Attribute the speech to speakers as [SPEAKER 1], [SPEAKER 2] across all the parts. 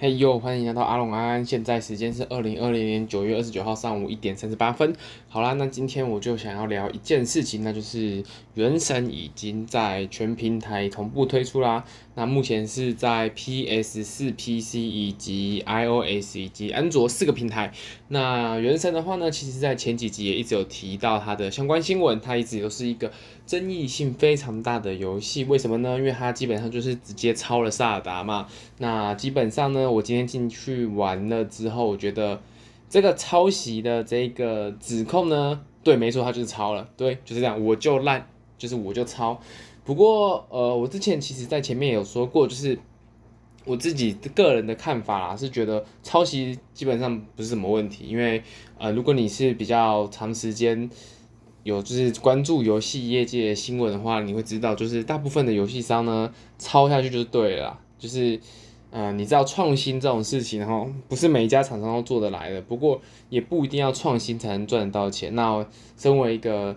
[SPEAKER 1] 嘿呦，hey、yo，歡迎來到阿隆安安。現在時間是二零二零年九月二十九號上午一點三十八分。好啦，那今天我就想要聊一件事情，那就是《原神》已經在全平台同步推出啦。它目前是在 PS4、PC 以及 iOS 以及安卓四個平台。那原神的話呢，其實，在前幾集也一直有提到它的相關新聞，它一直都是一個爭議性非常大的遊戲。為什麼呢？因為它基本上就是直接抄了薩爾達嘛。那基本上呢，我今天進去玩了之後，我覺得這個抄襲的這個指控呢，對，沒錯，它就是抄了，對，就是這樣，我就爛，就是我就抄。不過，呃，我之前其實，在前面有說過，就是我自己個人的看法啦，是覺得抄襲基本上不是什麼問題，因為，呃，如果你是比較長時間有就是關注遊戲業界新聞的話，你會知道，就是大部分的遊戲商呢，抄下去就是對了，就是，嗯、呃，你知道創新這種事情，然後不是每一家廠商都做得來的，不過也不一定要創新才能賺得到錢。那我身為一個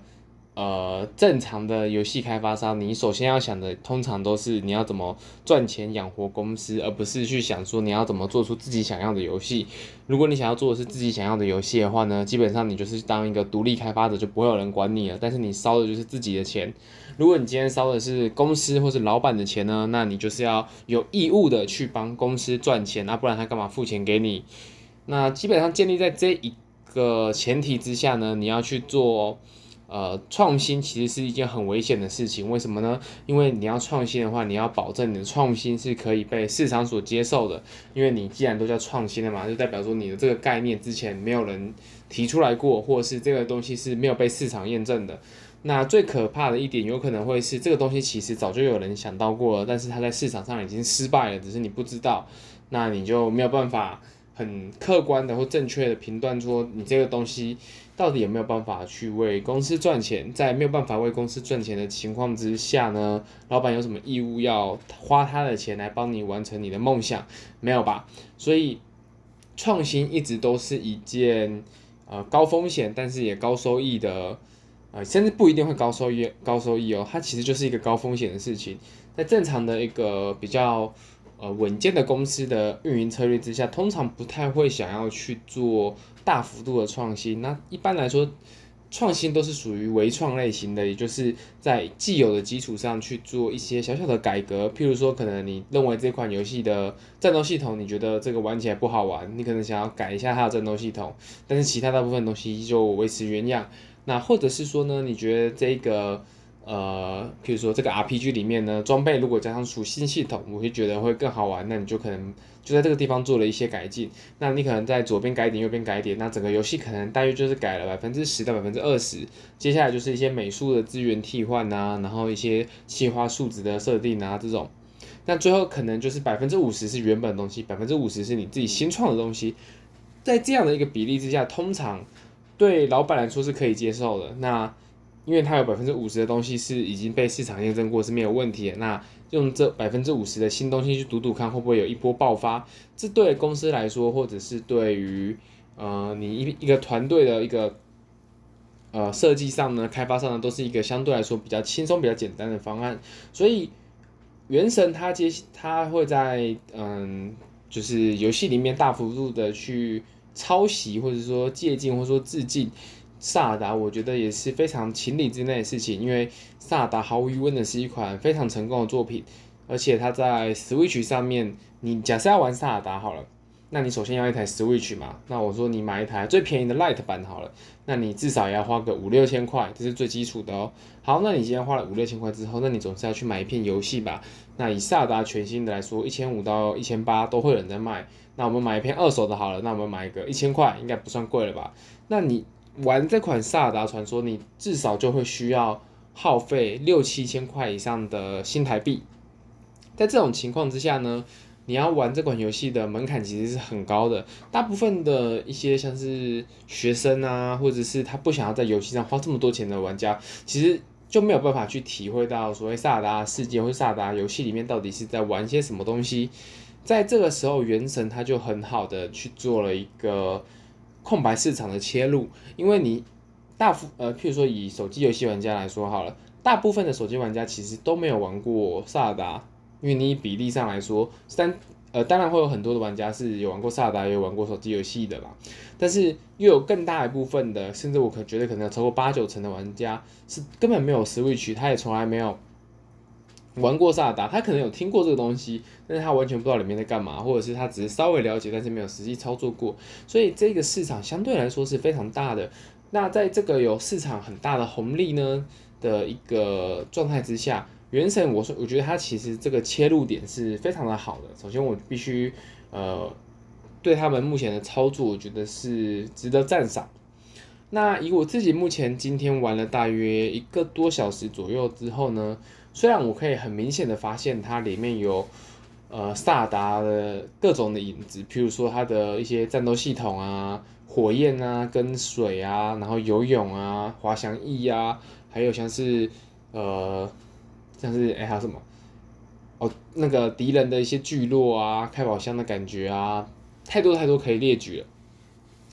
[SPEAKER 1] 呃，正常的遊戲開發商，你首先要想的通常都是你要怎麼賺錢養活公司，而不是去想說你要怎麼做出自己想要的遊戲。如果你想要做的是自己想要的遊戲的話呢，基本上你就是當一個獨立開發者，就不會有人管你了。但是你燒的就是自己的錢。如果你今天燒的是公司或是老板的錢呢，那你就是要有義務的去幫公司賺錢啊，不然他幹嘛付錢給你？那基本上建立在這一個前提之下呢，你要去做。呃，創新其實是一件很危險的事情，為什麼呢？因為你要創新的話，你要保證你的創新是可以被市場所接受的。因為你既然都叫創新了嘛，就代表說你的這個概念之前沒有人提出來過，或是這個東西是沒有被市場驗證的。那最可怕的一點，有可能會是這個東西其實早就有人想到過了，但是它在市場上已經失敗了，只是你不知道，那你就沒有辦法。很客觀的或正確的評斷，說你這個東西到底有沒有辦法去為公司賺錢？在沒有辦法為公司賺錢的情況之下呢，老闆有什麼義務要花他的錢來幫你完成你的夢想？沒有吧？所以創新一直都是一件呃高風險，但是也高收益的，啊，甚至不一定會高收益，高收益哦，它其實就是一個高風險的事情，在正常的一個比較，呃，穩健的公司的運營策略之下，通常不太會想要去做大幅度的創新。那一般來說，創新都是屬於微創類型的，也就是在既有的基礎上去做一些小小的改革。譬如說，可能你認為這款遊戲的戰鬥系統，你覺得這個玩起來不好玩，你可能想要改一下它的戰鬥系統，但是其他大部分東西就維持原樣。那或者是說呢，你覺得這個。呃，譬如說這個 RPG 裡面呢，裝備如果加上屬性系統，我會覺得會更好玩。那你就可能就在這個地方做了一些改進。那你可能在左邊改點，右邊改點，那整個遊戲可能大約就是改了百分之十到百分之二十。接下來就是一些美術的資源替換啊，然後一些企劃數值的設定啊這種。那最後可能就是百分之五十是原本的東西，百分之五十是你自己新創的東西。在這樣的一個比例之下，通常對老板來說是可以接受的。那。因為它有百分之五十的東西是已經被市場驗證過是沒有問題的，那用這百分之五十的新東西去賭賭看會不會有一波爆發，這對公司來說，或者是對於呃你一一個團隊的一個呃設計上呢，開發上呢，都是一個相對來說比較輕鬆、比較簡單的方案。所以，原神它接它會在嗯，就是遊戲裡面大幅度的去抄襲，或者說借鑒，或者說致敬。薩爾達我覺得也是非常情理之內的事情，因為薩爾達毫無疑問的是一款非常成功的作品，而且它在 Switch 上面，你假設要玩薩爾達好了，那你首先要一台 Switch 嘛，那我說你買一台最便宜的 Lite 版好了，那你至少也要花個五六千塊，這是最基礎的哦、喔。好，那你今天花了五六千塊之後，那你總是要去買一片遊戲吧？那以薩爾達全新的來說，一千五到一千八都會有人在賣，那我們買一片二手的好了，那我們買一個一千塊應該不算貴了吧？那你，玩這款《薩爾達傳說》，你至少就會需要耗費六七千塊以上的新台幣。在這種情況之下呢，你要玩這款遊戲的門檻其實是很高的。大部分的一些像是學生啊，或者是他不想要在遊戲上花這麼多錢的玩家，其實就沒有辦法去體會到所謂薩爾達世界或薩爾達遊戲裡面到底是在玩些什麼東西。在這個時候，《原神》它就很好的去做了一個。空白市場的切入，因為你大部呃，譬如說以手機遊戲玩家來說好了，大部分的手機玩家其實都沒有玩過《薩達》，因為你比例上來說，三，呃，當然會有很多的玩家是有玩過《薩達》，也有玩過手機遊戲的啦。但是又有更大一部分的，甚至我可覺得可能要超過八九成的玩家是根本沒有 Switch，他也從來沒有。玩過薩達，他可能有聽過這個東西，但是他完全不知道裡面在幹嘛，或者是他只是稍微了解，但是沒有實際操作過，所以這個市場相對來說是非常大的。那在這個有市場很大的紅利呢的一個狀態之下，原神我，我說我覺得它其實這個切入點是非常的好的。首先，我必須呃對他們目前的操作，我覺得是值得讚賞。那以我自己目前今天玩了大約一個多小時左右之後呢？雖然我可以很明顯的發現它裡面有，呃，薩達的各種的影子，譬如說它的一些戰鬥系統啊，火焰啊，跟水啊，然後游泳啊，滑翔翼啊，還有像是，呃，像是哎還有什麼，哦，那個敵人的一些聚落啊，開寶箱的感覺啊，太多太多可以列舉了。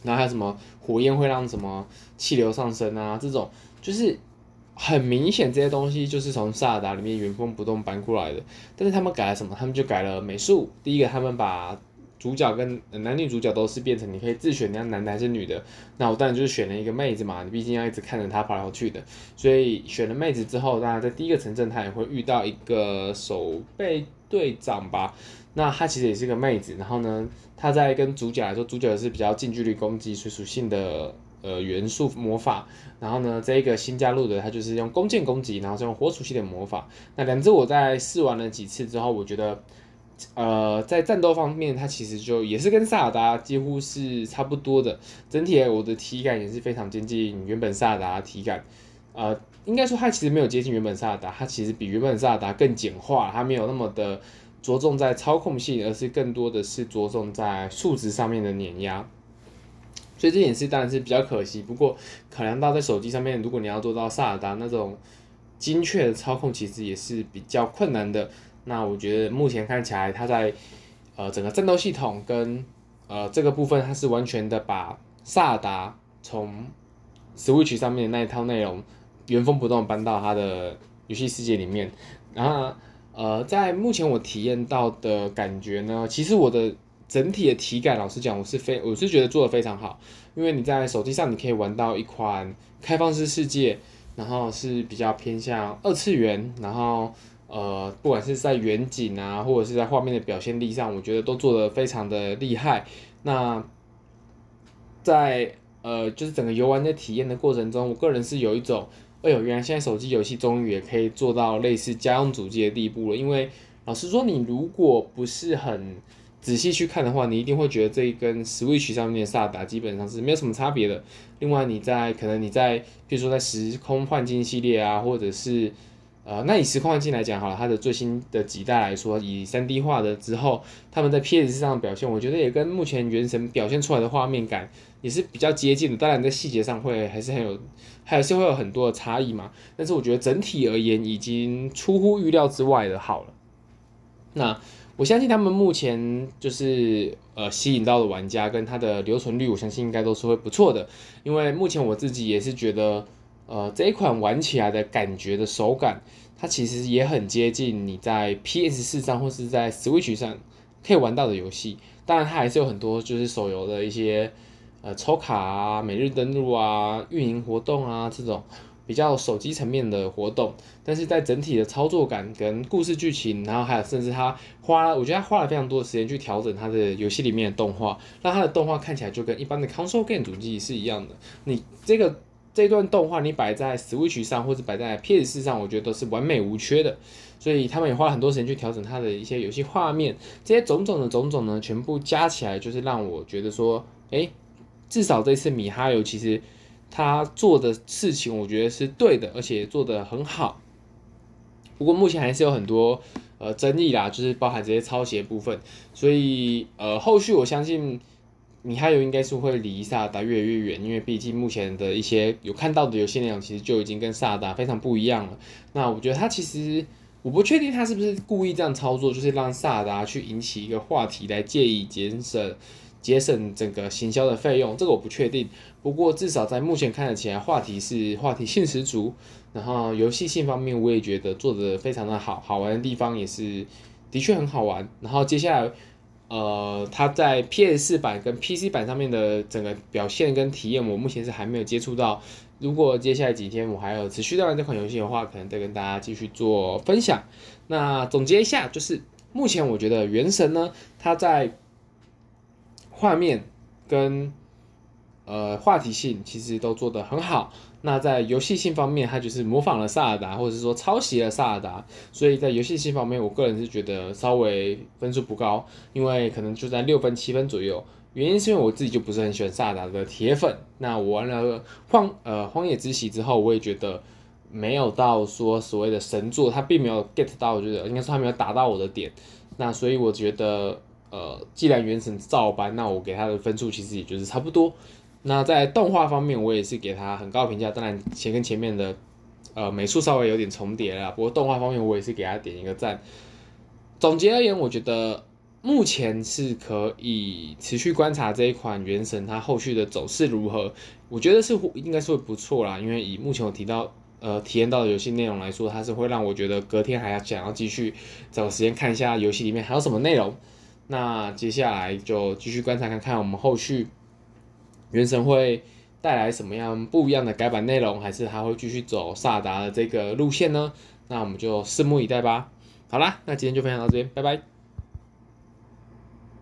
[SPEAKER 1] 然後還有什麼火焰會讓什麼氣流上升啊，這種就是。很明顯，這些東西就是從《薩爾達》裡面原封不動搬過來的。但是他們改了什麼？他們就改了美術。第一個，他們把主角跟男女主角都是變成你可以自選，你要男的還是女的。那我當然就是選了一個妹子嘛，你畢竟要一直看着她跑來跑去的。所以選了妹子之後，當然在第一個城鎮，他也會遇到一個守備隊長吧。那他其實也是個妹子。然後呢，他在跟主角來說，主角是比較近距離攻擊水屬性的。呃，元素魔法。然後呢，這一個新加入的，它就是用弓箭攻擊，然後是用火屬性的魔法。那兩隻我在試玩了幾次之後，我覺得，呃，在戰鬥方面，它其實就也是跟薩爾達幾乎是差不多的。整體我的體感也是非常接近原本薩爾達的體感。呃，應該說它其實沒有接近原本薩爾達，它其實比原本薩爾達更簡化，它沒有那麼的着重在操控性，而是更多的是着重在數值上面的碾壓。所以這件事當然是比較可惜，不過考量到在手機上面，如果你要做到薩爾達那種精確的操控，其實也是比較困難的。那我覺得目前看起來，它在呃整個戰鬥系統跟呃這個部分，它是完全的把薩爾達從 Switch 上面的那一套內容原封不動搬到它的遊戲世界裡面。然後呃在目前我體驗到的感覺呢，其實我的。整體的體感，老實講，我是非我是覺得做的非常好，因為你在手機上你可以玩到一款開放式世界，然後是比較偏向二次元，然後呃，不管是在遠景啊，或者是在畫面的表現力上，我覺得都做的非常的厲害。那在呃，就是整個遊玩的體驗的過程中，我個人是有一種，哎呦，原來現在手機遊戲終於也可以做到類似家用主機的地步了。因為老實說，你如果不是很仔細去看的話，你一定會覺得這一根 Switch 上面的薩達、啊、基本上是沒有什麼差別的。另外，你在可能你在比如說在時空幻境系列啊，或者是呃，那以時空幻境來講，好了，它的最新的幾代來說，以三 D 化的之後，他們在 P S 上的表現，我覺得也跟目前原神表現出來的畫面感也是比較接近的。當然，在細節上會還是很有，還是會有很多的差異嘛。但是我覺得整體而言，已經出乎預料之外的好了。那。我相信他們目前就是呃吸引到的玩家，跟他的留存率，我相信應該都是會不錯的，因為目前我自己也是覺得，呃這一款玩起來的感覺的手感，它其實也很接近你在 PS4 上或是在 Switch 上可以玩到的遊戲，當然它還是有很多就是手遊的一些呃抽卡啊、每日登錄啊、運營活動啊這種。比較手機層面的活動，但是在整體的操作感跟故事劇情，然後還有甚至他花了，我覺得他花了非常多的時間去調整他的遊戲裡面的動畫，讓他的動畫看起來就跟一般的 console game 主機是一樣的。你這個這段動畫你擺在 Switch 上或者擺在 PS 上，我覺得都是完美無缺的。所以他們也花了很多時間去調整他的一些遊戲畫面，這些種種的種種呢，全部加起來就是讓我覺得說，哎，至少這次米哈遊其實。他做的事情，我覺得是對的，而且做得很好。不過目前還是有很多呃爭議啦，就是包含這些抄襲部分。所以呃，後續我相信米哈遊應該是會離薩達越來越遠，因為畢竟目前的一些有看到的遊戲內容，其實就已經跟薩達非常不一樣了。那我覺得他其實，我不確定他是不是故意這樣操作，就是讓薩達去引起一個話題，來借以節省。節省整個行銷的費用，這個我不確定。不過至少在目前看得起來，話題是話題性十足。然後遊戲性方面，我也覺得做得非常的好，好玩的地方也是的確很好玩。然後接下來，呃，它在 PS4 版跟 PC 版上面的整個表現跟體驗，我目前是還沒有接觸到。如果接下來幾天我還有持續玩這款遊戲的話，可能再跟大家繼續做分享。那總結一下，就是目前我覺得《原神》呢，它在畫面跟呃話題性其實都做得很好，那在遊戲性方面，它就是模仿了薩爾達，或者是說抄襲了薩爾達，所以在遊戲性方面，我個人是覺得稍微分數不高，因為可能就在六分七分左右。原因是因為我自己就不是很喜歡薩爾達的鐵粉，那我玩了荒呃荒野之息之後，我也覺得沒有到說所謂的神作，它並沒有 get 到，我覺得應該是他沒有達到我的點，那所以我覺得。呃，既然原神照搬，那我給他的分數其實也就是差不多。那在動畫方面，我也是給他很高評價。當然，前跟前面的呃美術稍微有點重疊了啦，不過動畫方面我也是給他點一個讚。總結而言，我覺得目前是可以持續觀察這一款原神它後續的走勢如何。我覺得是應該是會不錯啦，因為以目前我提到呃體驗到的遊戲內容來說，它是會讓我覺得隔天還要想要繼續找時間看一下遊戲裡面還有什麼內容。那接下來就繼續觀察看看，我們後續原神會帶來什麼樣不一樣的改版內容，還是還會繼續走薩達的這個路線呢？那我們就拭目以待吧。好啦，那今天就分享到這邊，拜拜。